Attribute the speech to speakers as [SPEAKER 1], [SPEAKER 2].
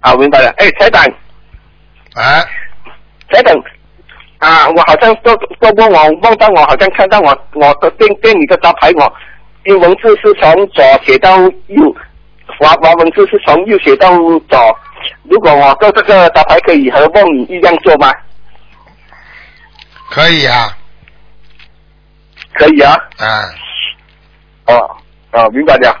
[SPEAKER 1] 啊，明白了。誒，綵蛋，啊，綵蛋，啊，我好像做做夢，我夢到我好像看到我我的店店裏的招牌我，英文字是從左寫到右，華華文字是從右寫到左。如果我做這個招牌可以和夢一樣做嗎？
[SPEAKER 2] 可以啊，
[SPEAKER 1] 可以啊。嗯、啊，哦、啊、哦，明白了。